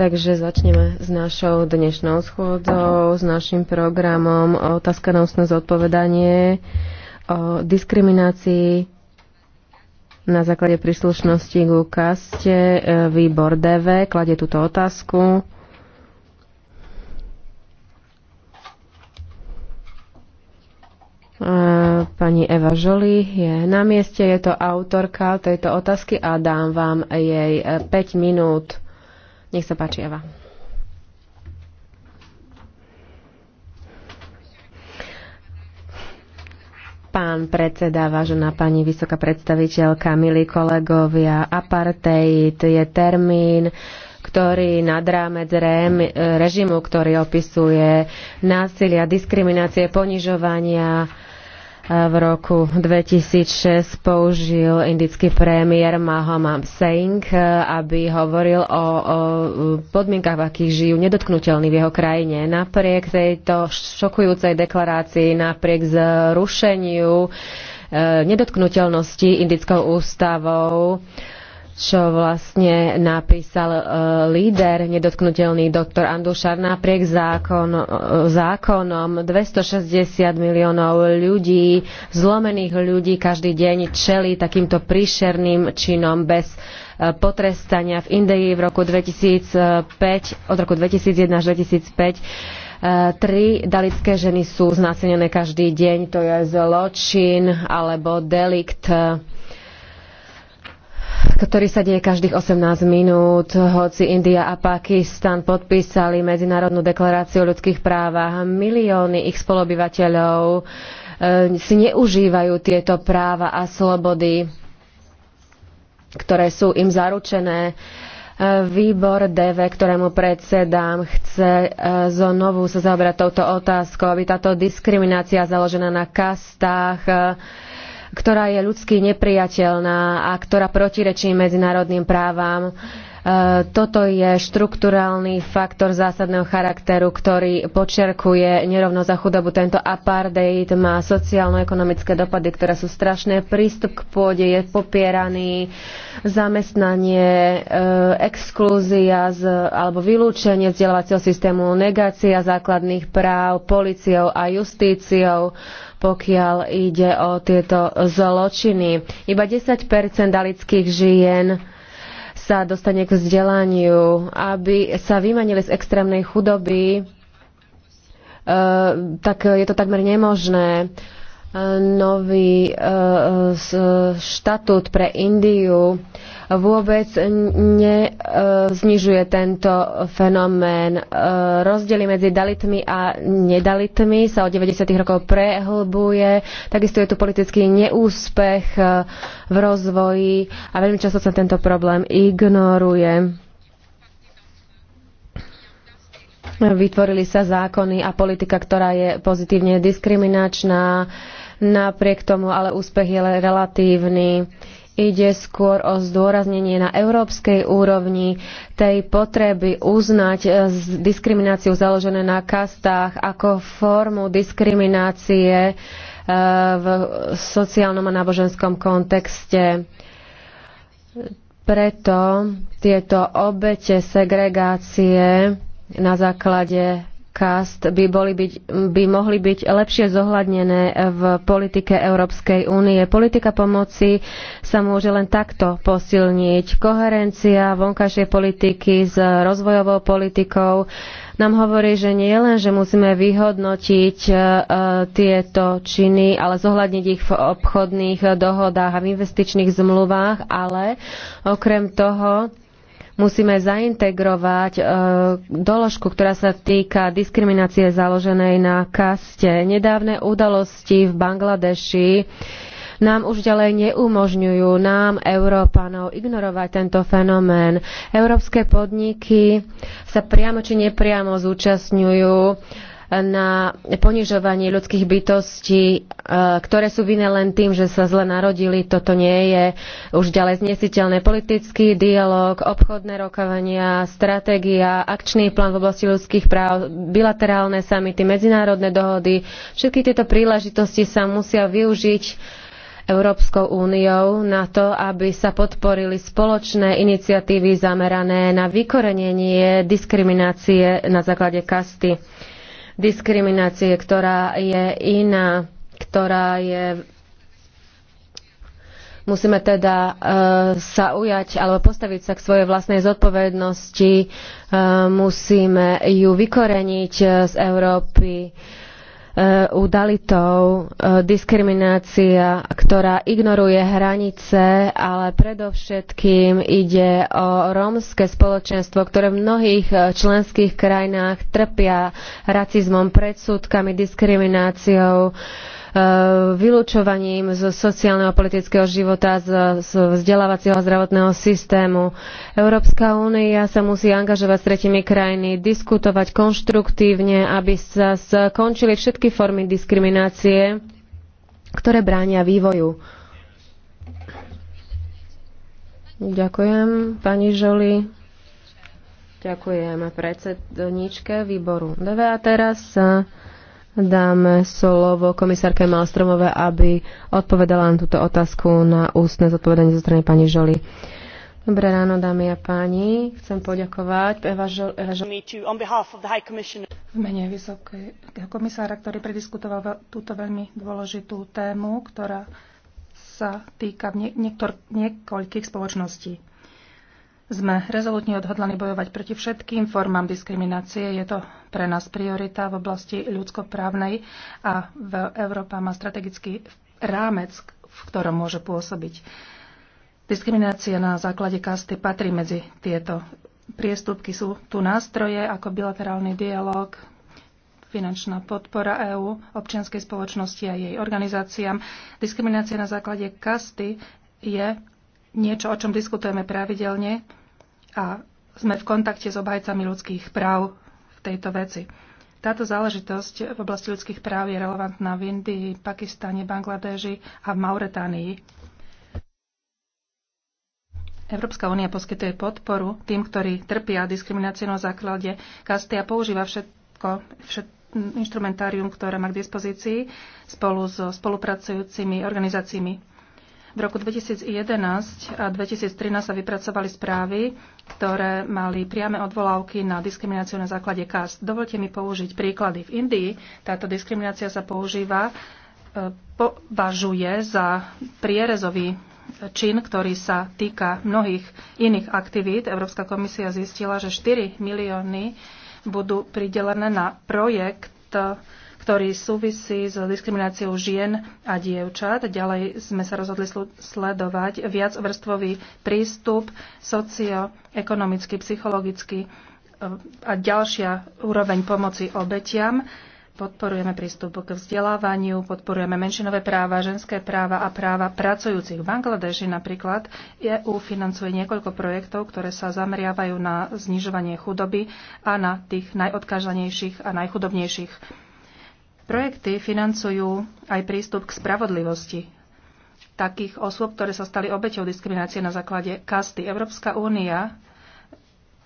Takže začneme s našou dnešnou schôdzou, s našim programom Otázka na ústne zodpovedanie o diskriminácii na základe príslušnosti k kaste e, výbor DV kladie túto otázku. E, pani Eva Žoli je na mieste, je to autorka tejto otázky a dám vám jej 5 e, minút nech sa páči, Eva. Pán predseda, vážená pani vysoká predstaviteľka, milí kolegovia, apartheid je termín, ktorý nad rámec režimu, ktorý opisuje násilia, diskriminácie, ponižovania, v roku 2006 použil indický premiér Mahama Singh, e, aby hovoril o, o e, podmienkach, v akých žijú nedotknutelní v jeho krajine. Napriek tejto šokujúcej deklarácii, napriek zrušeniu e, nedotknutelnosti indickou ústavou, čo vlastne napísal uh, líder, nedotknutelný doktor Andušar, napriek zákon, uh, zákonom 260 miliónov ľudí, zlomených ľudí každý deň čeli takýmto príšerným činom bez e, potrestania. V Indii v roku 2005, od roku 2001 až 2005 tri dalické ženy sú znásilnené každý deň, to je zločin alebo delikt ktorý sa deje každých 18 minút, hoci India a Pakistan podpísali Medzinárodnú deklaráciu o ľudských právach. Milióny ich spolobyvateľov e, si neužívajú tieto práva a slobody, ktoré sú im zaručené. E, výbor DV, ktorému predsedám, chce e, znovu sa zaoberať touto otázkou, aby táto diskriminácia založená na kastách ktorá je ľudsky nepriateľná a ktorá protirečí medzinárodným právam. E, toto je štrukturálny faktor zásadného charakteru, ktorý počerkuje nerovnosť a chudobu. Tento apartheid má sociálno-ekonomické dopady, ktoré sú strašné. Prístup k pôde je popieraný, zamestnanie, e, exklúzia z, alebo vylúčenie vzdelávacieho systému, negácia základných práv policiou a justíciou pokiaľ ide o tieto zločiny. Iba 10 dalických žien sa dostane k vzdelaniu, aby sa vymanili z extrémnej chudoby, e, tak je to takmer nemožné. Nový e, e, štatút pre Indiu vôbec neznižuje e, tento fenomén. E, rozdiely medzi dalitmi a nedalitmi sa od 90. rokov prehlbuje. Takisto je tu politický neúspech e, v rozvoji a veľmi často sa tento problém ignoruje. Vytvorili sa zákony a politika, ktorá je pozitívne diskriminačná. Napriek tomu ale úspech je relatívny Ide skôr o zdôraznenie na európskej úrovni tej potreby uznať e, diskrimináciu založené na kastách ako formu diskriminácie e, v sociálnom a náboženskom kontexte. Preto tieto obete segregácie na základe kast by, boli byť, by mohli byť lepšie zohľadnené v politike Európskej únie. Politika pomoci sa môže len takto posilniť. Koherencia vonkajšej politiky s rozvojovou politikou nám hovorí, že nie len, že musíme vyhodnotiť e, tieto činy, ale zohľadniť ich v obchodných dohodách a v investičných zmluvách, ale okrem toho Musíme zaintegrovať e, doložku, ktorá sa týka diskriminácie založenej na kaste. Nedávne udalosti v Bangladeši nám už ďalej neumožňujú nám, Európanov, ignorovať tento fenomén. Európske podniky sa priamo či nepriamo zúčastňujú na ponižovanie ľudských bytostí, e, ktoré sú vinné len tým, že sa zle narodili. Toto nie je už ďalej znesiteľné. Politický dialog, obchodné rokovania, stratégia, akčný plán v oblasti ľudských práv, bilaterálne samity, medzinárodné dohody. Všetky tieto príležitosti sa musia využiť Európskou úniou na to, aby sa podporili spoločné iniciatívy zamerané na vykorenenie diskriminácie na základe kasty diskriminácie, ktorá je iná, ktorá je musíme teda uh, sa ujať alebo postaviť sa k svojej vlastnej zodpovednosti, uh, musíme ju vykoreniť e, z Európy Eh, u Dalitov, eh, diskriminácia, ktorá ignoruje hranice, ale predovšetkým ide o rómske spoločenstvo, ktoré v mnohých eh, členských krajinách trpia racizmom, predsudkami, diskrimináciou, Eh, vylúčovaním zo sociálneho a politického života, z, z vzdelávacieho a zdravotného systému. Európska únia sa musí angažovať s tretimi krajiny, diskutovať konštruktívne, aby sa skončili všetky formy diskriminácie, ktoré bránia vývoju. Ďakujem, pani Žoli. Ďakujem predsedničke výboru. Dve a teraz eh, Dáme slovo komisárke Malstromove, aby odpovedala na túto otázku na ústne zodpovedanie zo strany pani Žoli. Dobré ráno, dámy a páni. Chcem poďakovať Eva V mene vysokého komisára, ktorý prediskutoval túto veľmi dôležitú tému, ktorá sa týka niektor, niekoľkých spoločností. Sme rezolutne odhodlani bojovať proti všetkým formám diskriminácie. Je to pre nás priorita v oblasti ľudskoprávnej a v Európa má strategický rámec, v ktorom môže pôsobiť. Diskriminácia na základe kasty patrí medzi tieto priestupky. Sú tu nástroje ako bilaterálny dialog, finančná podpora EÚ, občianskej spoločnosti a jej organizáciám. Diskriminácia na základe kasty je niečo, o čom diskutujeme pravidelne a sme v kontakte s obhajcami ľudských práv v tejto veci. Táto záležitosť v oblasti ľudských práv je relevantná v Indii, Pakistane, Bangladeži a v Mauretánii. Európska únia poskytuje podporu tým, ktorí trpia diskrimináciu na základe kasty a používa všetko, všetko instrumentárium, ktoré má k dispozícii spolu so spolupracujúcimi organizáciami v roku 2011 a 2013 sa vypracovali správy, ktoré mali priame odvolávky na diskrimináciu na základe kast. Dovolte mi použiť príklady. V Indii táto diskriminácia sa používa, e, považuje za prierezový čin, ktorý sa týka mnohých iných aktivít. Európska komisia zistila, že 4 milióny budú pridelené na projekt ktorý súvisí s diskrimináciou žien a dievčat. Ďalej sme sa rozhodli sledovať viacvrstvový prístup socioekonomický, psychologický e, a ďalšia úroveň pomoci obetiam. Podporujeme prístup k vzdelávaniu, podporujeme menšinové práva, ženské práva a práva pracujúcich. V Bangladeši napríklad EU financuje niekoľko projektov, ktoré sa zameriavajú na znižovanie chudoby a na tých najodkážanejších a najchudobnejších Projekty financujú aj prístup k spravodlivosti takých osôb, ktoré sa stali obeťou diskriminácie na základe kasty. Európska únia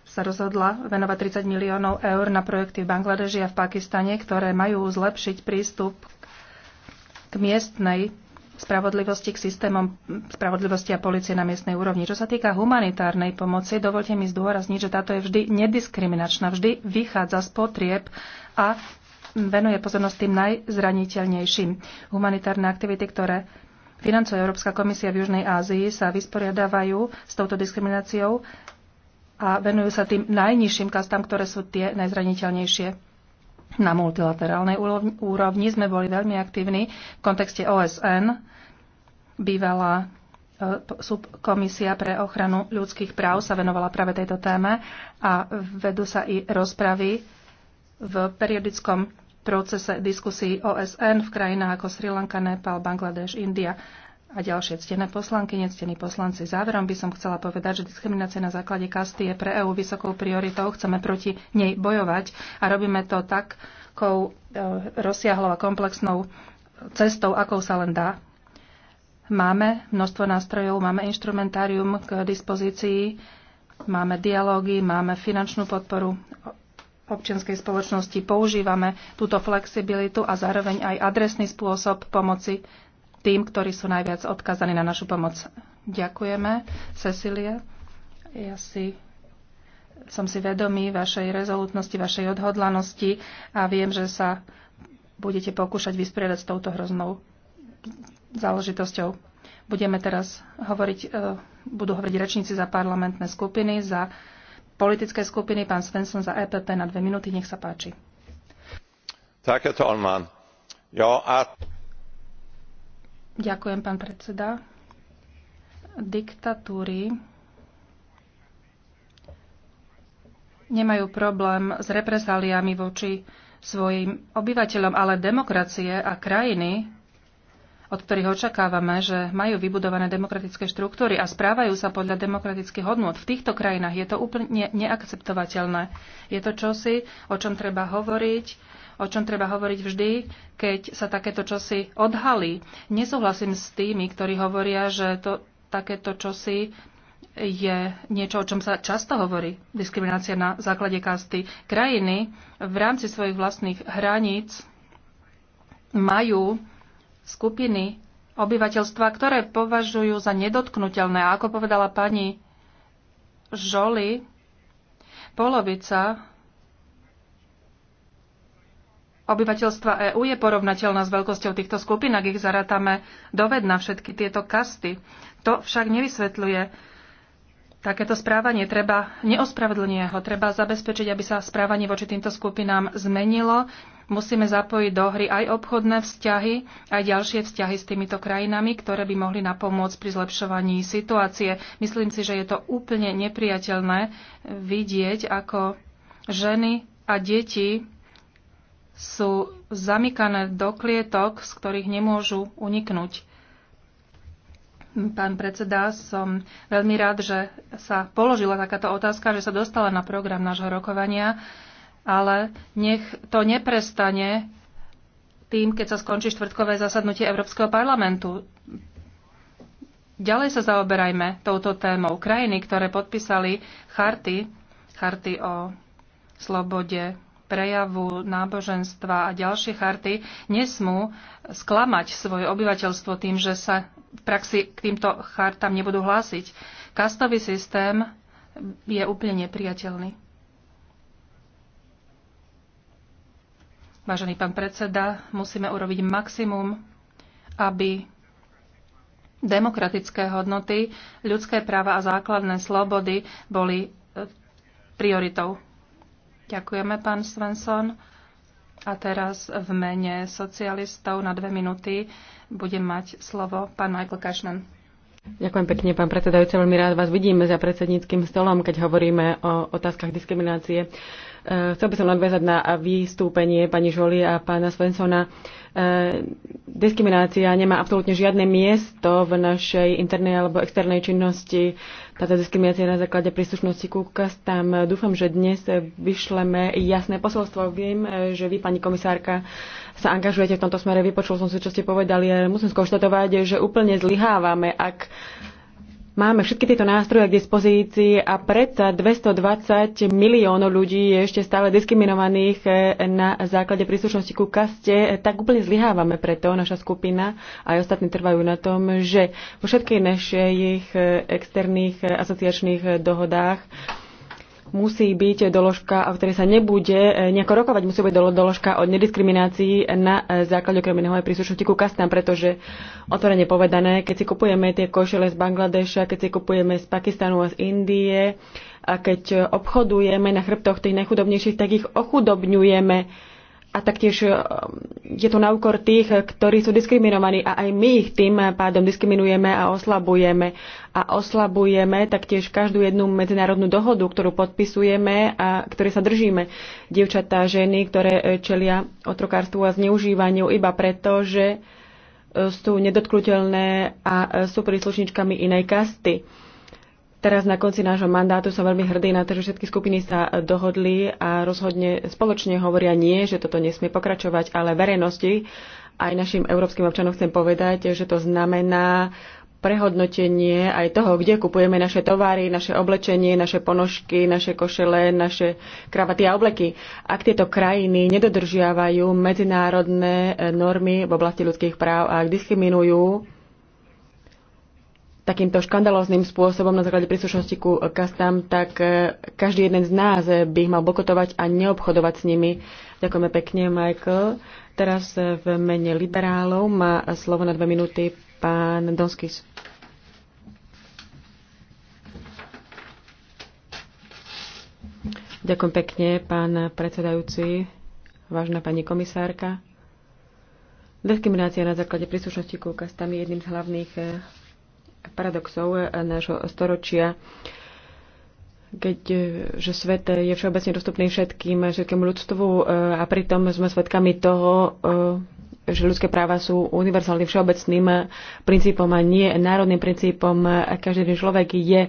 sa rozhodla venovať 30 miliónov eur na projekty v Bangladeži a v Pakistane, ktoré majú zlepšiť prístup k miestnej spravodlivosti, k systémom spravodlivosti a policie na miestnej úrovni. Čo sa týka humanitárnej pomoci, dovolte mi zdôrazniť, že táto je vždy nediskriminačná, vždy vychádza z potrieb a venuje pozornosť tým najzraniteľnejším. Humanitárne aktivity, ktoré financuje Európska komisia v Južnej Ázii, sa vysporiadávajú s touto diskrimináciou a venujú sa tým najnižším kastám, ktoré sú tie najzraniteľnejšie. Na multilaterálnej úrovni sme boli veľmi aktívni v kontexte OSN. Bývalá e, subkomisia pre ochranu ľudských práv sa venovala práve tejto téme a vedú sa i rozpravy v periodickom procese diskusí OSN v krajinách ako Sri Lanka, Nepal, Bangladeš, India a ďalšie ctené poslanky, nectení poslanci. Záverom by som chcela povedať, že diskriminácia na základe kasty je pre EÚ vysokou prioritou. Chceme proti nej bojovať a robíme to takou e, rozsiahlou a komplexnou cestou, akou sa len dá. Máme množstvo nástrojov, máme inštrumentárium k dispozícii, máme dialógy, máme finančnú podporu občianskej spoločnosti používame túto flexibilitu a zároveň aj adresný spôsob pomoci tým, ktorí sú najviac odkazaní na našu pomoc. Ďakujeme, Cecilia. Ja si, som si vedomý vašej rezolutnosti, vašej odhodlanosti a viem, že sa budete pokúšať vysporiadať s touto hroznou záležitosťou. Budeme teraz hovoriť, eh, budú hovoriť rečníci za parlamentné skupiny, za politické skupiny. Pán Svensson za EPP na dve minúty, nech sa páči. Tak, talman. Jo, a... Ďakujem, pán predseda. Diktatúry nemajú problém s represáliami voči svojim obyvateľom, ale demokracie a krajiny, od ktorých očakávame, že majú vybudované demokratické štruktúry a správajú sa podľa demokratických hodnôt. V týchto krajinách je to úplne neakceptovateľné. Je to čosi, o čom treba hovoriť, o čom treba hovoriť vždy, keď sa takéto čosi odhalí. Nesúhlasím s tými, ktorí hovoria, že to, takéto čosi je niečo, o čom sa často hovorí, diskriminácia na základe kasty. Krajiny v rámci svojich vlastných hraníc majú skupiny obyvateľstva, ktoré považujú za nedotknutelné. A ako povedala pani Žoli, polovica obyvateľstva EÚ je porovnateľná s veľkosťou týchto skupín, ak ich zarátame doved na všetky tieto kasty. To však nevysvetľuje takéto správanie. Treba neospravedlnie ho, treba zabezpečiť, aby sa správanie voči týmto skupinám zmenilo musíme zapojiť do hry aj obchodné vzťahy, aj ďalšie vzťahy s týmito krajinami, ktoré by mohli napomôcť pri zlepšovaní situácie. Myslím si, že je to úplne nepriateľné vidieť, ako ženy a deti sú zamykané do klietok, z ktorých nemôžu uniknúť. Pán predseda, som veľmi rád, že sa položila takáto otázka, že sa dostala na program nášho rokovania ale nech to neprestane tým, keď sa skončí štvrtkové zasadnutie Európskeho parlamentu. Ďalej sa zaoberajme touto témou. Krajiny, ktoré podpísali charty, charty o slobode prejavu náboženstva a ďalšie charty nesmú sklamať svoje obyvateľstvo tým, že sa v praxi k týmto chartám nebudú hlásiť. Kastový systém je úplne nepriateľný. Vážený pán predseda, musíme urobiť maximum, aby demokratické hodnoty, ľudské práva a základné slobody boli e, prioritou. Ďakujeme, pán Svensson. A teraz v mene socialistov na dve minúty bude mať slovo pán Michael Cashman. Ďakujem pekne, pán predsedajúci. Veľmi rád vás vidím za predsedníckým stolom, keď hovoríme o otázkach diskriminácie. E, chcel by som nadviazať na vystúpenie pani Žoli a pána Svensona. E, diskriminácia nemá absolútne žiadne miesto v našej internej alebo externej činnosti. Táto diskriminácia na základe príslušnosti ku tam. Dúfam, že dnes vyšleme jasné posolstvo. Viem, že vy, pani komisárka, sa angažujete v tomto smere. Vypočul som si, čo ste povedali, ale musím skonštatovať, že úplne zlyhávame, ak máme všetky tieto nástroje k dispozícii a predsa 220 miliónov ľudí je ešte stále diskriminovaných e, na základe príslušnosti ku kaste, e, tak úplne zlyhávame preto. Naša skupina a aj ostatní trvajú na tom, že vo všetkých našich e, externých asociačných dohodách musí byť doložka, o ktorej sa nebude e, nejako rokovať, musí byť doložka o nediskriminácii na e, základe okrem iného aj príslušnosti ku kastám, pretože otvorene povedané, keď si kupujeme tie košele z Bangladeša, keď si kupujeme z Pakistanu a z Indie a keď e, obchodujeme na chrbtoch tých najchudobnejších, tak ich ochudobňujeme a taktiež e, je to na úkor tých, ktorí sú diskriminovaní a aj my ich tým pádom diskriminujeme a oslabujeme. A oslabujeme taktiež každú jednu medzinárodnú dohodu, ktorú podpisujeme a ktoré sa držíme. Dievčatá, ženy, ktoré e, čelia otrokárstvu a zneužívaniu iba preto, že e, sú nedotknutelné a sú príslušničkami inej kasty. Teraz na konci nášho mandátu som veľmi hrdý na to, že všetky skupiny sa dohodli a rozhodne spoločne hovoria nie, že toto nesmie pokračovať, ale verejnosti aj našim európskym občanom chcem povedať, že to znamená prehodnotenie aj toho, kde kupujeme naše tovary, naše oblečenie, naše ponožky, naše košele, naše kravaty a obleky. Ak tieto krajiny nedodržiavajú medzinárodné normy v oblasti ľudských práv a ak diskriminujú takýmto škandalóznym spôsobom na základe príslušnosti ku kastám, tak e, každý jeden z nás by ich mal bokotovať a neobchodovať s nimi. Ďakujeme pekne, Michael. Teraz e, v mene liberálov má slovo na dve minúty pán Donskis. Ďakujem pekne, pán predsedajúci, vážna pani komisárka. Diskriminácia na základe príslušnosti ku kastám je jedným z hlavných e, paradoxov eh, nášho storočia, keď, eh, že svet je všeobecne dostupný všetkým, eh, všetkému ľudstvu a pritom sme svedkami toho, že ľudské práva sú univerzálnym všeobecným princípom a nie národným princípom. Každý človek je e,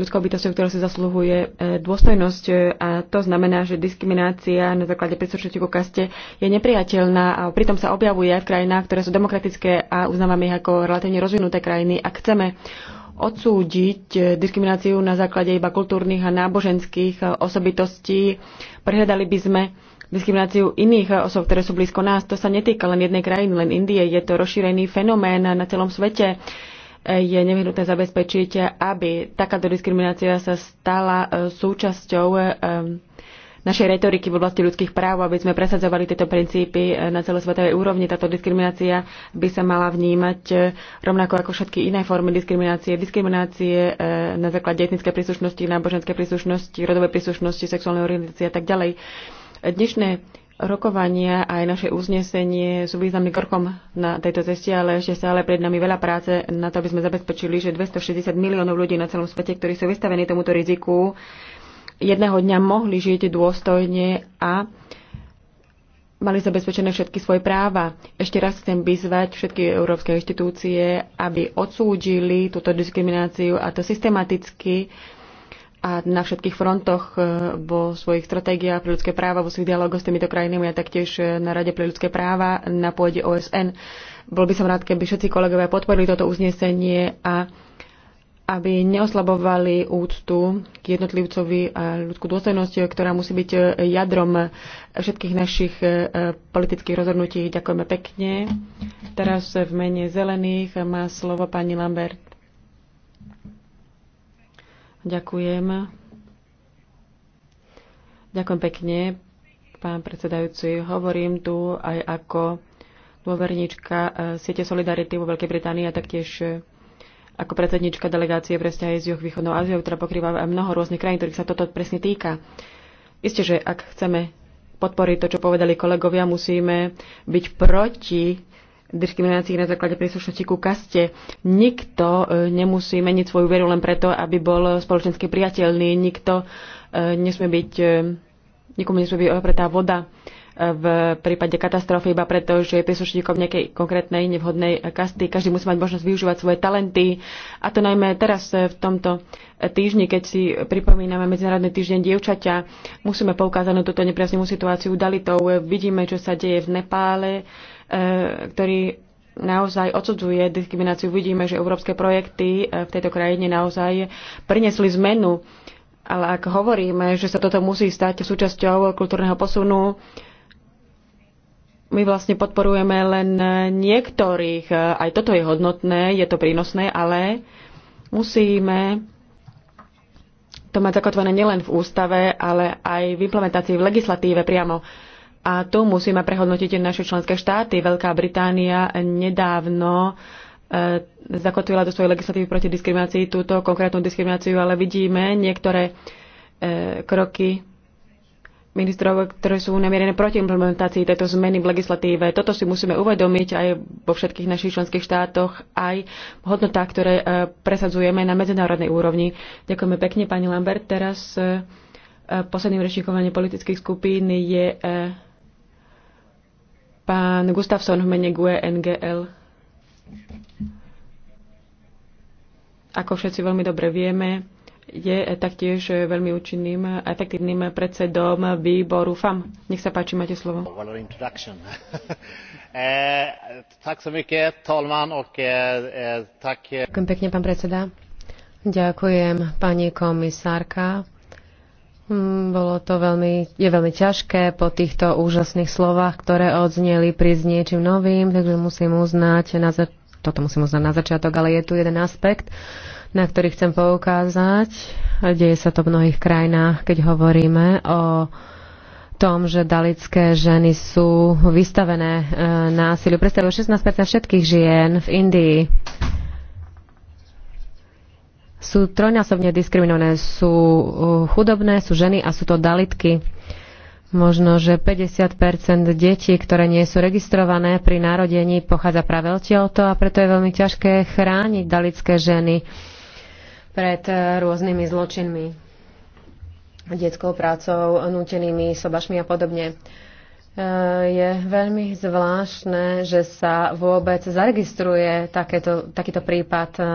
ľudskou bytosťou, ktorá si zasluhuje e, dôstojnosť a to znamená, že diskriminácia na základe príslušnosti ku kaste je nepriateľná a pritom sa objavuje aj v krajinách, ktoré sú demokratické a uznávame ich ako relatívne rozvinuté krajiny. Ak chceme odsúdiť diskrimináciu na základe iba kultúrnych a náboženských e, osobitostí, prehľadali by sme diskrimináciu iných osob, ktoré sú blízko nás. To sa netýka len jednej krajiny, len Indie. Je to rozšírený fenomén na celom svete. Je nevyhnutné zabezpečiť, aby takáto diskriminácia sa stala e, súčasťou e, našej retoriky v oblasti ľudských práv, aby sme presadzovali tieto princípy e, na celosvetovej úrovni. Táto diskriminácia by sa mala vnímať rovnako ako všetky iné formy diskriminácie. Diskriminácie na základe etnickej príslušnosti, náboženskej príslušnosti, rodovej príslušnosti, sexuálnej orientácie a tak ďalej. Dnešné rokovania a aj naše uznesenie sú významným krokom na tejto ceste, ale ešte stále pred nami veľa práce na to, aby sme zabezpečili, že 260 miliónov ľudí na celom svete, ktorí sú vystavení tomuto riziku, jedného dňa mohli žiť dôstojne a mali zabezpečené všetky svoje práva. Ešte raz chcem vyzvať všetky európske inštitúcie, aby odsúdili túto diskrimináciu a to systematicky a na všetkých frontoch e, vo svojich stratégiách pre ľudské práva, vo svojich dialogoch s týmito krajinami a taktiež e, na Rade pre ľudské práva na pôde OSN. Bol by som rád, keby všetci kolegovia podporili toto uznesenie a aby neoslabovali úctu k jednotlivcovi a ľudskú dôstojnosť, ktorá musí byť e, jadrom všetkých našich politických rozhodnutí. Ďakujeme pekne. Teraz v mene zelených má slovo pani Lambert. Ďakujem. Ďakujem pekne, pán predsedajúci. Hovorím tu aj ako dôverníčka eh, siete Solidarity vo Veľkej Británii a taktiež eh, ako predsednička delegácie pre vzťahy z východnou Áziou, ktorá pokrýva mnoho rôznych krajín, ktorých sa toto presne týka. Isté, že ak chceme podporiť to, čo povedali kolegovia, musíme byť proti diskriminácií na základe príslušnosti ku kaste. Nikto e, nemusí meniť svoju veru len preto, aby bol spoločensky priateľný. Nikto e, nesmie byť, e, nikomu nesmie byť opretá voda v prípade katastrofy iba preto, že je príslušníkom nejakej konkrétnej nevhodnej kasty. Každý musí mať možnosť využívať svoje talenty. A to najmä teraz v tomto týždni, keď si pripomíname Medzinárodný týždeň dievčaťa, musíme poukázať na túto nepriaznivú situáciu dalitov. Vidíme, čo sa deje v Nepále Eh, ktorý naozaj odsudzuje diskrimináciu. Vidíme, že európske projekty eh, v tejto krajine naozaj prinesli zmenu. Ale ak hovoríme, že sa toto musí stať súčasťou kultúrneho posunu, my vlastne podporujeme len niektorých. Aj toto je hodnotné, je to prínosné, ale musíme to mať zakotvené nielen v ústave, ale aj v implementácii v legislatíve priamo. Uh, a tu musíme prehodnotiť naše členské štáty. Veľká Británia nedávno e, zakotvila do svojej legislatívy proti diskriminácii túto konkrétnu diskrimináciu, ale vidíme niektoré e, kroky ministrov, ktoré sú namierené proti implementácii tejto zmeny v legislatíve. Toto si musíme uvedomiť aj vo všetkých našich členských štátoch, aj v hodnotách, ktoré e, presadzujeme na medzinárodnej úrovni. Ďakujeme pekne, pani Lambert. Teraz posledným rečníkom politických skupín je Pán Gustafsson v mene GUE NGL. Ako všetci veľmi dobre vieme, je taktiež veľmi účinným a efektívnym predsedom výboru FAM. Nech sa páči, máte slovo. Eh, eh, eh, Ďakujem pekne, pán predseda. Ďakujem pani komisárka Hm, bolo to veľmi, je veľmi ťažké po týchto úžasných slovách, ktoré odzneli prísť niečím novým, takže musím uznať, na za, toto musím uznať na začiatok, ale je tu jeden aspekt, na ktorý chcem poukázať. Deje sa to v mnohých krajinách, keď hovoríme o tom, že dalické ženy sú vystavené e, násiliu. Predstavujú 16% všetkých žien v Indii sú trojnásobne diskriminované. Sú uh, chudobné, sú ženy a sú to dalitky. Možno, že 50 detí, ktoré nie sú registrované pri narodení, pochádza práve odtiaľto a preto je veľmi ťažké chrániť dalické ženy pred uh, rôznymi zločinmi, detskou prácou, nútenými sobašmi a podobne. Eh, je veľmi zvláštne, že sa vôbec zaregistruje takéto, takýto prípad eh,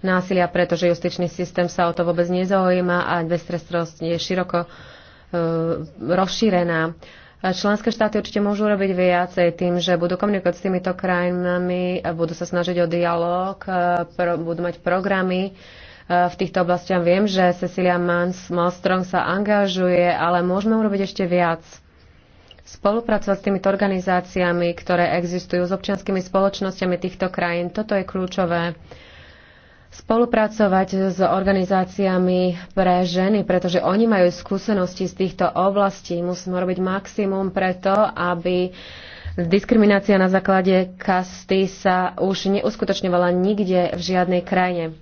násilia, pretože justičný systém sa o to vôbec nezaujíma a bezstrestrosť je široko eh, rozšírená. Členské štáty určite môžu robiť viacej tým, že budú komunikovať s týmito krajinami, budú sa snažiť o dialog, budú mať programy, v týchto oblastiach. Viem, že Cecilia Malmström sa angažuje, ale môžeme urobiť ešte viac spolupracovať s týmito organizáciami, ktoré existujú s občianskými spoločnosťami týchto krajín. Toto je kľúčové spolupracovať s organizáciami pre ženy, pretože oni majú skúsenosti z týchto oblastí. Musíme robiť maximum preto, aby diskriminácia na základe kasty sa už neuskutočňovala nikde v žiadnej krajine.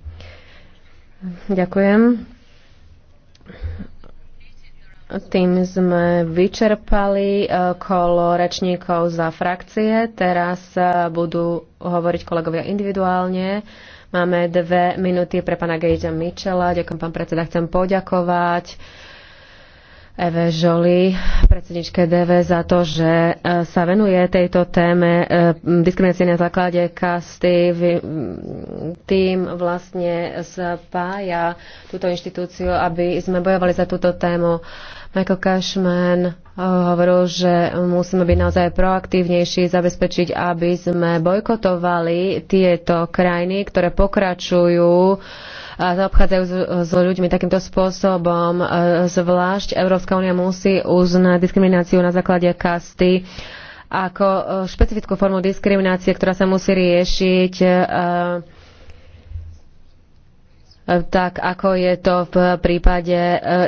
Ďakujem. Tým sme vyčerpali eh, kolo rečníkov za frakcie. Teraz eh, budú hovoriť kolegovia individuálne. Máme dve minúty pre pana Gejda Michela. Ďakujem, pán predseda. Chcem poďakovať Eve Žoli, predsedničke DV, za to, že e, sa venuje tejto téme e, diskriminácie na základe kasty. Tým vlastne spája túto inštitúciu, aby sme bojovali za túto tému. Michael Cashman e, hovoril, že musíme byť naozaj proaktívnejší, zabezpečiť, aby sme bojkotovali tieto krajiny, ktoré pokračujú zaobchádzajú s ľuďmi takýmto spôsobom. Zvlášť Európska únia musí uznať diskrimináciu na základe kasty ako e, špecifickú formu diskriminácie, ktorá sa musí riešiť e, e, tak ako je to v prípade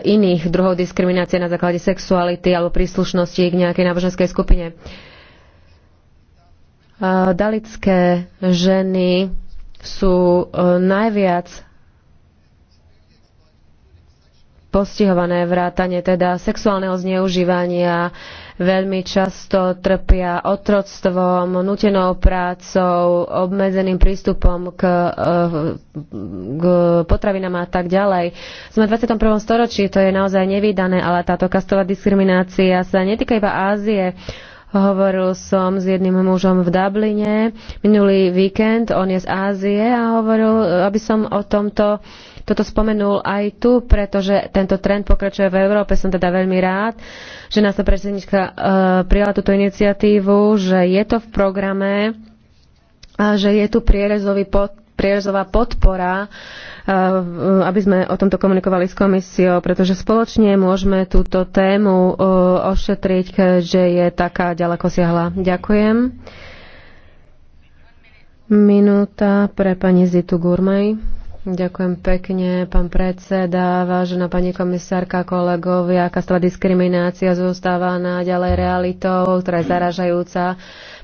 iných druhov diskriminácie na základe sexuality alebo príslušnosti k nejakej náboženskej skupine. Dalické ženy sú najviac postihované vrátane teda sexuálneho zneužívania, veľmi často trpia otroctvom, nutenou prácou, obmedzeným prístupom k, eh, k potravinám a tak ďalej. Sme v 21. storočí, to je naozaj nevydané, ale táto kastová diskriminácia sa netýka iba Ázie. Hovoril som s jedným mužom v Dubline minulý víkend, on je z Ázie a hovoril, aby som o tomto uh, toto spomenul aj tu, pretože tento trend pokračuje v Európe. Som teda veľmi rád, že nás predsednička uh, prijala túto iniciatívu, že je to v programe a že je tu prierezový pod, prierezová podpora, e, aby sme o tomto komunikovali s komisiou, pretože spoločne môžeme túto tému e, ošetriť, že je taká ďaleko siahla. Ďakujem. Minúta pre pani Zitu Gurmaj. Ďakujem pekne, pán predseda, vážená pani komisárka, kolegovia. Kastová diskriminácia zostáva naďalej realitou, ktorá je zaražajúca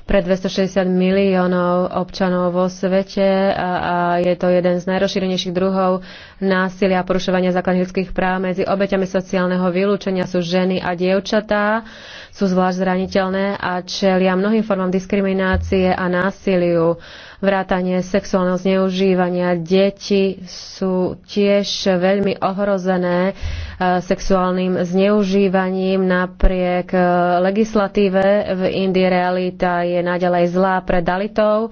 pre 260 miliónov občanov vo svete a, a je to jeden z najrozšírenejších druhov násilia a porušovania základných ľudských práv. Medzi obeťami sociálneho vylúčenia sú ženy a dievčatá, sú zvlášť zraniteľné a čelia mnohým formám diskriminácie a násiliu vrátanie sexuálneho zneužívania. Deti sú tiež veľmi ohrozené e, sexuálnym zneužívaním napriek e, legislatíve v Indii realita je naďalej zlá pre Dalitov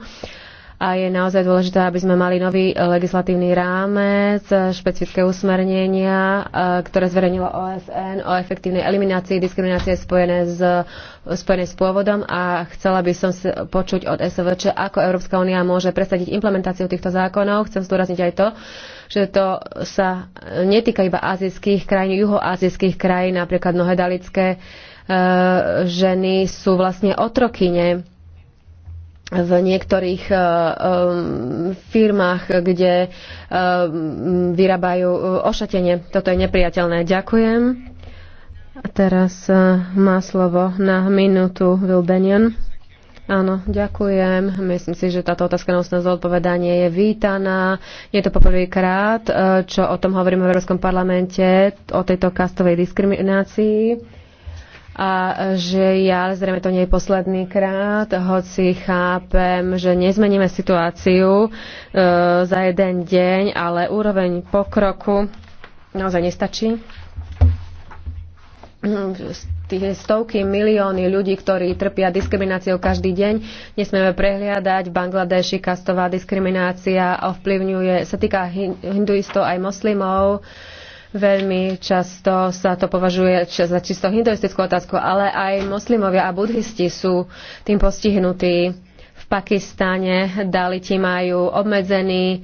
a je naozaj dôležité, aby sme mali nový e, legislatívny rámec, e, špecifické usmernenia, e, ktoré zverejnilo OSN o efektívnej eliminácii diskriminácie spojené s, spojené s pôvodom a chcela by som počuť od SVČ, ako Európska únia môže presadiť implementáciu týchto zákonov. Chcem zdôrazniť aj to, že to sa netýka iba azijských krajín, juhoazijských krajín, napríklad mnohé dalické ženy sú vlastne otrokyne v niektorých eh, eh, firmách, kde eh, vyrábajú ošatenie. Toto je nepriateľné. Ďakujem. A teraz má slovo na minútu Benion. Áno, ďakujem. Myslím si, že táto otázka na ústne zodpovedanie je vítaná. Je to poprvýkrát, čo o tom hovoríme v Európskom parlamente, o tejto kastovej diskriminácii a že ja, ale zrejme to nie je posledný krát, hoci chápem, že nezmeníme situáciu e, za jeden deň, ale úroveň pokroku naozaj nestačí. Tie stovky milióny ľudí, ktorí trpia diskrimináciou každý deň, nesmieme prehliadať. V Bangladeši kastová diskriminácia ovplyvňuje, sa týka hinduistov aj moslimov. E, Veľmi často sa to považuje za čisto hinduistickú otázku, ale aj moslimovia a budhisti sú tým postihnutí. V Pakistane daliti majú obmedzený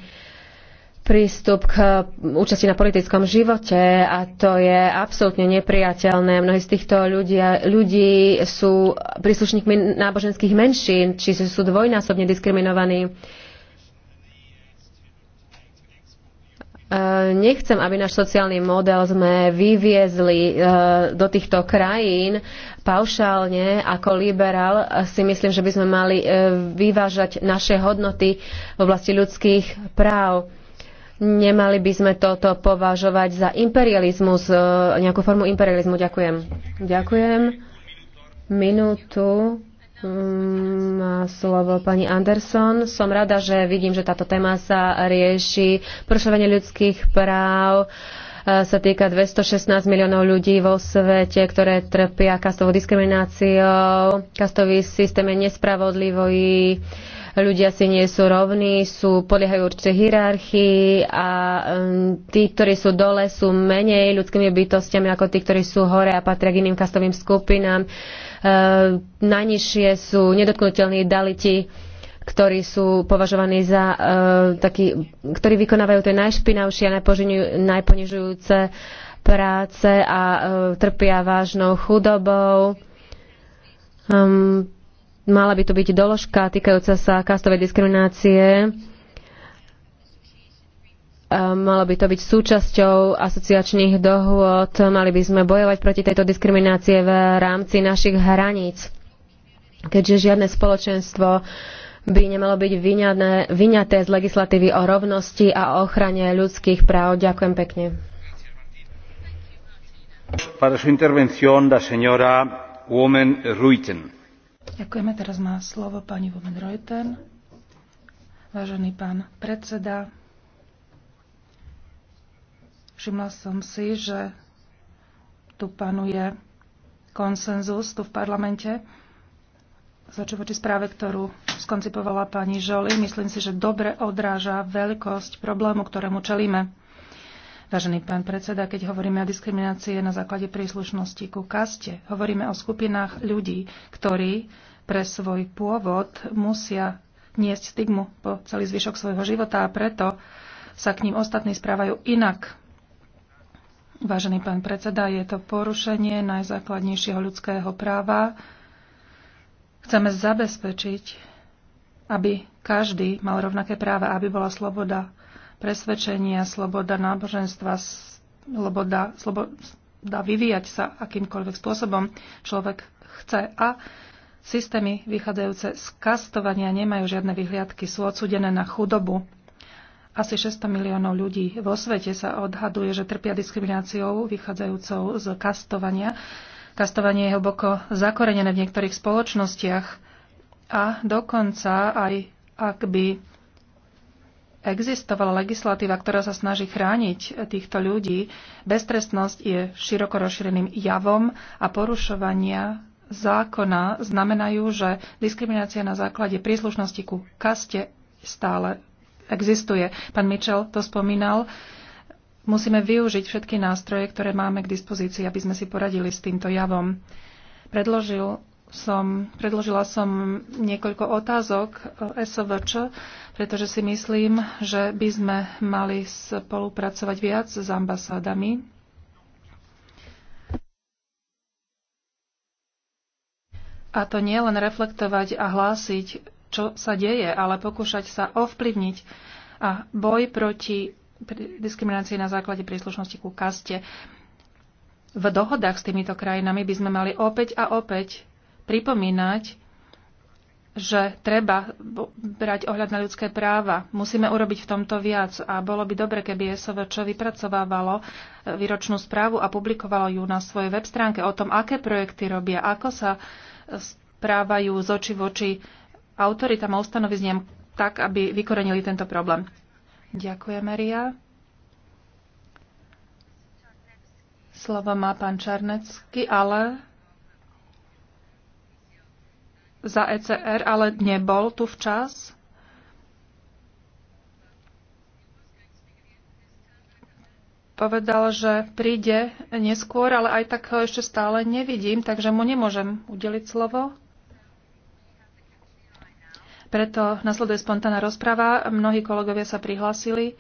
prístup k účasti na politickom živote a to je absolútne nepriateľné. Mnohí z týchto ľudia, ľudí sú príslušníkmi náboženských menšín, či sú dvojnásobne diskriminovaní. Eh, nechcem, aby náš sociálny model sme vyviezli eh, do týchto krajín paušálne. Ako liberál eh, si myslím, že by sme mali vyvážať naše hodnoty v oblasti ľudských práv. Nemali by sme toto považovať za imperializmus, nejakú formu imperializmu. Ďakujem. Ďakujem. Minútu. Má slovo pani Anderson. Som rada, že vidím, že táto téma sa rieši. Prošovanie ľudských práv e, sa týka 216 miliónov ľudí vo svete, ktoré trpia kastovou diskrimináciou. Kastový systém je nespravodlivý ľudia si nie sú rovní, sú, podliehajú určite hierarchii a um, tí, ktorí sú dole, sú menej ľudskými bytostiami ako tí, ktorí sú hore a patria k iným kastovým skupinám. Uh, najnižšie sú nedotknutelní daliti ktorí sú považovaní za uh, taký, ktorí vykonávajú tie najšpinavšie a najponižujúce práce a uh, trpia vážnou chudobou. Um, mala by to byť doložka týkajúca sa kastovej diskriminácie. Malo by to byť súčasťou asociačných dohôd. Mali by sme bojovať proti tejto diskriminácie v rámci našich hraníc. Keďže žiadne spoločenstvo by nemalo byť vyňané, vyňaté z legislatívy o rovnosti a ochrane ľudských práv. Ďakujem pekne. Para su intervención la señora Woman Ruiten. Ďakujeme. Teraz má slovo pani Vomen Reuten. Vážený pán predseda, všimla som si, že tu panuje konsenzus tu v parlamente zočovoči správe, ktorú skoncipovala pani Žoli. Myslím si, že dobre odráža veľkosť problému, ktorému čelíme. Vážený pán predseda, keď hovoríme o diskriminácii na základe príslušnosti ku kaste, hovoríme o skupinách ľudí, ktorí pre svoj pôvod musia niesť stigmu po celý zvyšok svojho života a preto sa k ním ostatní správajú inak. Vážený pán predseda, je to porušenie najzákladnejšieho ľudského práva. Chceme zabezpečiť, aby každý mal rovnaké práva, aby bola sloboda presvedčenia, sloboda náboženstva, sloboda, sloboda vyvíjať sa akýmkoľvek spôsobom človek chce. A systémy vychádzajúce z kastovania nemajú žiadne vyhliadky, sú odsudené na chudobu. Asi 600 miliónov ľudí vo svete sa odhaduje, že trpia diskrimináciou vychádzajúcou z kastovania. Kastovanie je hlboko zakorenené v niektorých spoločnostiach a dokonca aj ak by existovala legislatíva, ktorá sa snaží chrániť týchto ľudí. Beztrestnosť je široko rozšíreným javom a porušovania zákona znamenajú, že diskriminácia na základe príslušnosti ku kaste stále existuje. Pán Mitchell to spomínal. Musíme využiť všetky nástroje, ktoré máme k dispozícii, aby sme si poradili s týmto javom. Predložil som, predložila som niekoľko otázok eh, SOVČ, pretože si myslím, že by sme mali spolupracovať viac s ambasádami. A to nie len reflektovať a hlásiť, čo sa deje, ale pokúšať sa ovplyvniť a boj proti diskriminácii na základe príslušnosti ku kaste. V dohodách s týmito krajinami by sme mali opäť a opäť pripomínať, že treba brať ohľad na ľudské práva. Musíme urobiť v tomto viac a bolo by dobre, keby SOVČ vypracovávalo e, výročnú správu a publikovalo ju na svojej web stránke o tom, aké projekty robia, ako sa e, správajú z oči v oči autoritám a ustanovizniam tak, aby vykorenili tento problém. Ďakujem, Maria. Slovo má pán Čarnecký, ale za ECR, ale nebol tu včas. Povedal, že príde neskôr, ale aj tak ho ešte stále nevidím, takže mu nemôžem udeliť slovo. Preto nasleduje spontánna rozprava. Mnohí kolegovia sa prihlásili.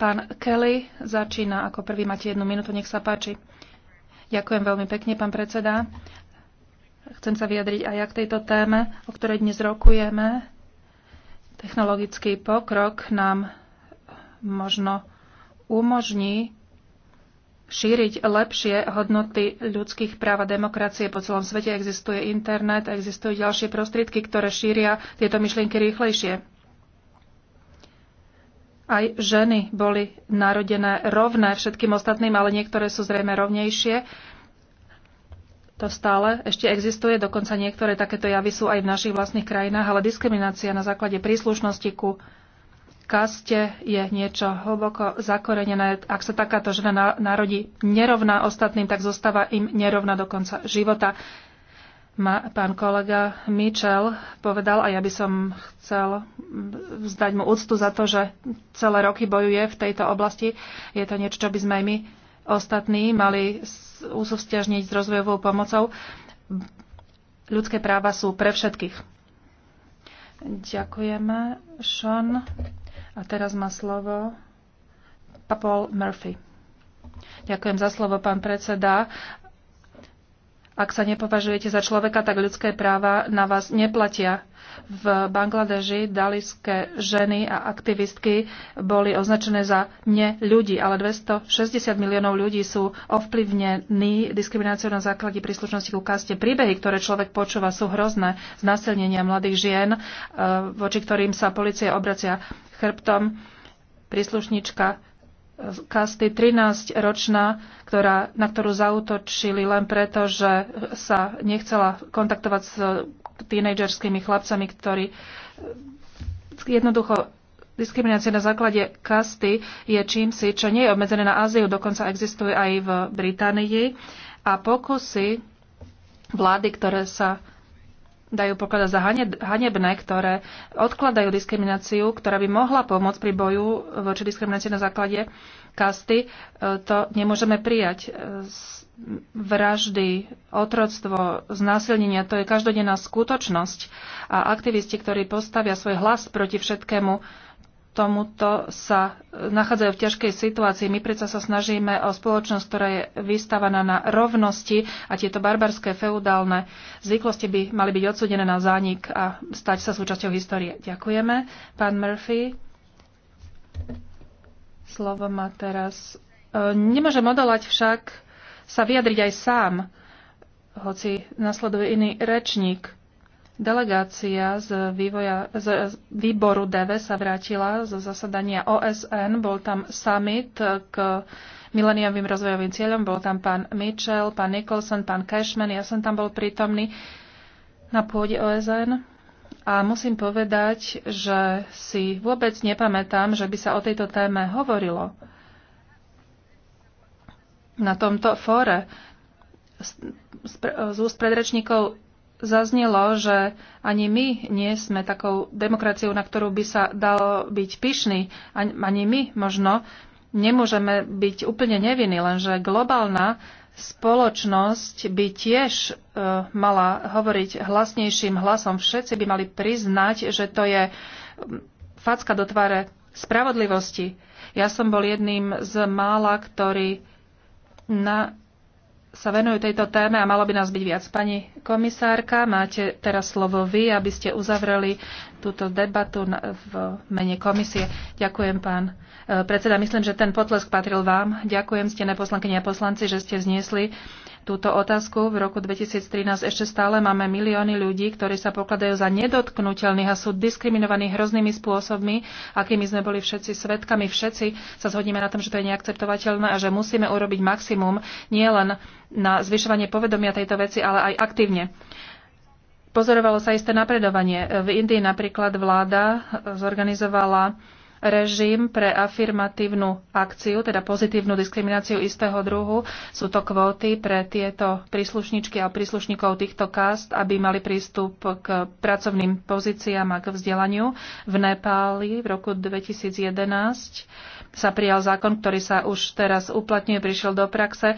Pán Kelly začína ako prvý. Máte jednu minútu, nech sa páči. Ďakujem veľmi pekne, pán predseda. Chcem sa vyjadriť aj ja k tejto téme, o ktorej dnes rokujeme. Technologický pokrok nám možno umožní šíriť lepšie hodnoty ľudských práv a demokracie. Po celom svete existuje internet, existujú ďalšie prostriedky, ktoré šíria tieto myšlienky rýchlejšie. Aj ženy boli narodené rovné všetkým ostatným, ale niektoré sú zrejme rovnejšie to stále ešte existuje, dokonca niektoré takéto javy sú aj v našich vlastných krajinách, ale diskriminácia na základe príslušnosti ku kaste je niečo hlboko zakorenené. Ak sa takáto žena narodí nerovná ostatným, tak zostáva im nerovná do konca života. Ma, pán kolega Mitchell povedal, a ja by som chcel vzdať mu úctu za to, že celé roky bojuje v tejto oblasti. Je to niečo, čo by sme aj my ostatní mali usústiažniť s rozvojovou pomocou. Ľudské práva sú pre všetkých. Ďakujeme, Sean. A teraz má slovo Paul Murphy. Ďakujem za slovo, pán predseda. Ak sa nepovažujete za človeka, tak ľudské práva na vás neplatia v Bangladeži daliské ženy a aktivistky boli označené za ne ľudí, ale 260 miliónov ľudí sú ovplyvnení diskrimináciou na základe príslušnosti ku kaste. Príbehy, ktoré človek počúva, sú hrozné. z Znásilnenia mladých žien, e, voči ktorým sa policie obracia chrbtom, príslušnička e, kasty 13-ročná, ktorá, na ktorú zautočili len preto, že sa nechcela kontaktovať s tínejdžerskými chlapcami, ktorí eh, jednoducho diskriminácia na základe kasty je čímsi, čo nie je obmedzené na Áziu, dokonca existuje aj v Británii. A pokusy vlády, ktoré sa dajú pokladať za hanebné, ktoré odkladajú diskrimináciu, ktorá by mohla pomôcť pri boju voči diskriminácii na základe kasty, e, to nemôžeme prijať. E, vraždy, otroctvo, znásilnenia, to je každodenná skutočnosť. A aktivisti, ktorí postavia svoj hlas proti všetkému, tomuto sa e, nachádzajú v ťažkej situácii. My predsa sa snažíme o spoločnosť, ktorá je vystavaná na rovnosti a tieto barbarské feudálne zvyklosti by mali byť odsudené na zánik a stať sa súčasťou histórie. Ďakujeme. Pán Murphy, slovo má teraz. E, nemôžem odolať však sa vyjadriť aj sám, hoci nasleduje iný rečník. Delegácia z, vývoja, z výboru DV sa vrátila zo zasadania OSN. Bol tam summit k mileniovým rozvojovým cieľom. Bol tam pán Mitchell, pán Nicholson, pán Cashman. Ja som tam bol prítomný na pôde OSN. A musím povedať, že si vôbec nepamätám, že by sa o tejto téme hovorilo na tomto fóre z úst predrečníkov zaznelo, že ani my nie sme takou demokraciou, na ktorú by sa dalo byť pyšný. Ani my možno nemôžeme byť úplne nevinní, lenže globálna spoločnosť by tiež e, mala hovoriť hlasnejším hlasom. Všetci by mali priznať, že to je facka do tváre spravodlivosti. Ja som bol jedným z mála, ktorý na sa venujú tejto téme a malo by nás byť viac. Pani komisárka, máte teraz slovo vy, aby ste uzavreli túto debatu v mene komisie. Ďakujem, pán predseda, myslím, že ten potlesk patril vám. Ďakujem, ste neposlankyni a poslanci, že ste vzniesli túto otázku. V roku 2013 ešte stále máme milióny ľudí, ktorí sa pokladajú za nedotknutelných a sú diskriminovaní hroznými spôsobmi, akými sme boli všetci svetkami. Všetci sa zhodíme na tom, že to je neakceptovateľné a že musíme urobiť maximum nielen na zvyšovanie povedomia tejto veci, ale aj aktívne. Pozorovalo sa isté napredovanie. V Indii napríklad vláda zorganizovala režim pre afirmatívnu akciu, teda pozitívnu diskrimináciu istého druhu. Sú to kvóty pre tieto príslušničky a príslušníkov týchto kast, aby mali prístup k pracovným pozíciám a k vzdelaniu. V Nepáli v roku 2011 sa prijal zákon, ktorý sa už teraz uplatňuje, prišiel do praxe. E,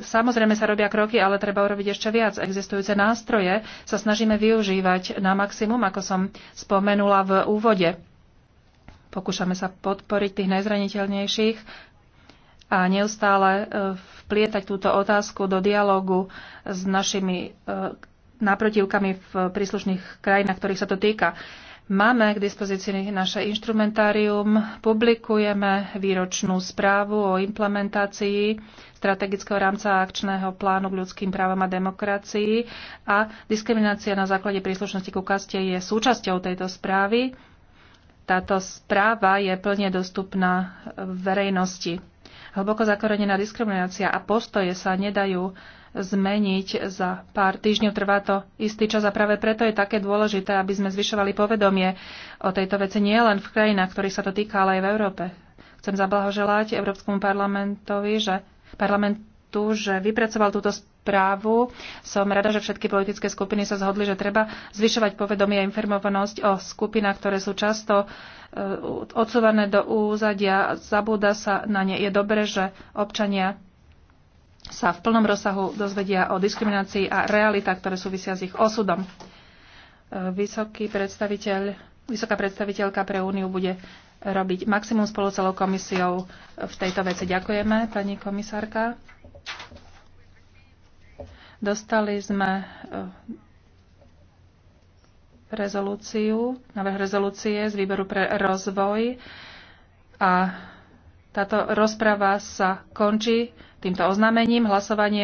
samozrejme sa robia kroky, ale treba urobiť ešte viac. Existujúce nástroje sa snažíme využívať na maximum, ako som spomenula v úvode Pokúšame sa podporiť tých najzraniteľnejších a neustále e, vplietať túto otázku do dialogu s našimi e, náprotivkami v príslušných krajinách, ktorých sa to týka. Máme k dispozícii naše inštrumentárium, publikujeme výročnú správu o implementácii strategického rámca a akčného plánu k ľudským právam a demokracii a diskriminácia na základe príslušnosti ku kaste je súčasťou tejto správy táto správa je plne dostupná verejnosti. Hlboko zakorenená diskriminácia a postoje sa nedajú zmeniť za pár týždňov. Trvá to istý čas a práve preto je také dôležité, aby sme zvyšovali povedomie o tejto veci nie len v krajinách, ktorých sa to týka, ale aj v Európe. Chcem zablahoželať Európskom parlamentovi, že parlament tu, že vypracoval túto správu. Som rada, že všetky politické skupiny sa zhodli, že treba zvyšovať povedomie a informovanosť o skupinách, ktoré sú často e, odsúvané do úzadia. Zabúda sa na ne. Je dobré, že občania sa v plnom rozsahu dozvedia o diskriminácii a realitách, ktoré súvisia s ich osudom. E, vysoký predstaviteľ, vysoká predstaviteľka pre úniu bude robiť maximum spolu celou komisiou v tejto veci. Ďakujeme, pani komisárka. Dostali sme e, rezolúciu, návrh rezolúcie z výboru pre rozvoj a táto rozprava sa končí týmto oznámením. Hlasovanie